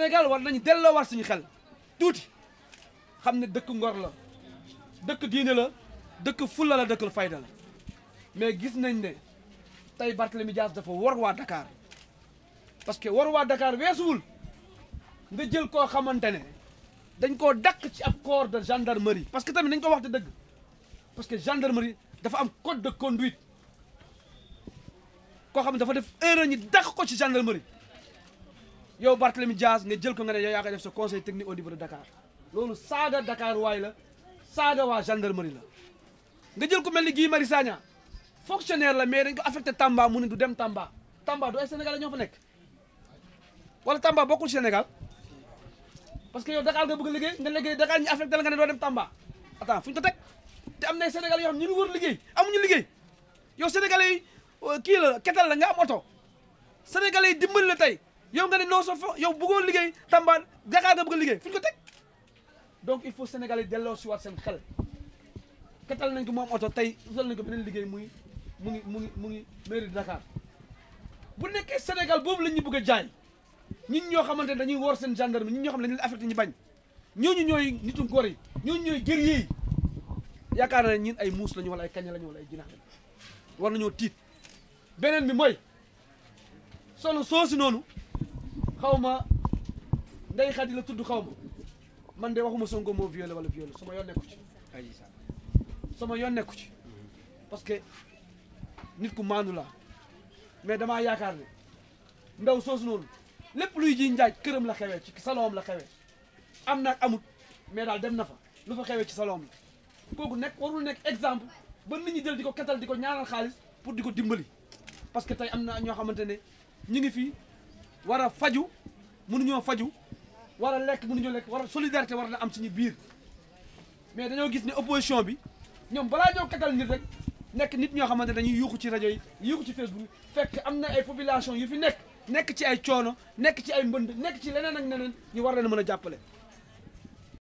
légal war nañu delloo war ñu xel tuuti xam ne dëkk ngor la dëkk diine la dëkk fulla la dëkk fayda la mais gis nañ ne tey Barthélemy Dias dafa war waa Dakar parce que war waa Dakar weesuwul nga jël koo xamante ne dañ koo dàq ci ab corps de gendarmerie parce que tamit dañ ko wax te dëgg parce que gendarmerie dafa am code de conduite koo xam ne dafa def erreur ñi ko ci gendarmerie yow Barthélemy Diaz nga jël ko nga ne yow ya nga def sa conseil technique au niveau de Dakar lolu saga Dakar way la saga wa gendarmerie la nga jël ko melni Guy Marissagna fonctionnaire la mais dañ ko affecté Tamba mu du dem Tamba Tamba du Sénégal Sénégalais nek wala Tamba bokkul Sénégal parce que yow Dakar nga bëgg liggéey nga liggéey Dakar ñi affecté la nga ne do dem Tamba attends fu ñu ko teg te am Sénégal yo xam ñu ngi wër liggéey amuñu liggéey yow Sénégalais euh, ki la kétal la nga am Sénégalais dimbal la tay yow nga ne non sa fo bu ko liggey Tamba Dakar nga bu ko liggey fu ko tek donc il faut Sénégalais delo ci wat sen xel katal nañ ko mom auto tay sol nañ ko benen liggey muy mu ngi mu ngi mu ngi mairie de Dakar bu nekké Sénégal bobu lañ ñu bëgg jaay ñin ño xamanté dañuy wor sen gendarme ñin ño xam lañ dañu leen affecté ñu bañ ñu ñoy nitu góor yi ñoo ñoy gër yi yaakaar na ñin ay mous lañu wala ay kaña lañu wala ay dina war nañu tit benen bi moy sonu soosi nonu xaw ma ndey xadi la tudd xawma man de waxuma Sonko moo violé wala violé sama yoon nekku ci sama yoon nekku ci parce que nit ku maandu la mais damaa yaakaar ne ndaw soosu noonu lépp luy ji njaaj këram la xewee ci saloom la xewee am naa amut mais daal dem na fa lu fa xewee ci salon la kooku nekk warul nekk exemple ba nit ñi jël di ko ketal di ko ñaanal xaalis pour di ko dimbali parce que tey am na ñoo xamante ne ñu ngi fii war a faju mënuñoo faju war a lekk mënuñoo lekk war a solidarité war na am suñu biir mais dañoo gis ne opposition bi ñoom balaa ñoo katal nit rek nekk nit ñoo xamante dañuy yuuxu ci rajo yi yuuxu ci Facebook fekk am na ay population yu fi nekk nekk ci ay coono nekk ci ay mbënd nekk ci leneen ak neneen ñu war leen mën a jàppale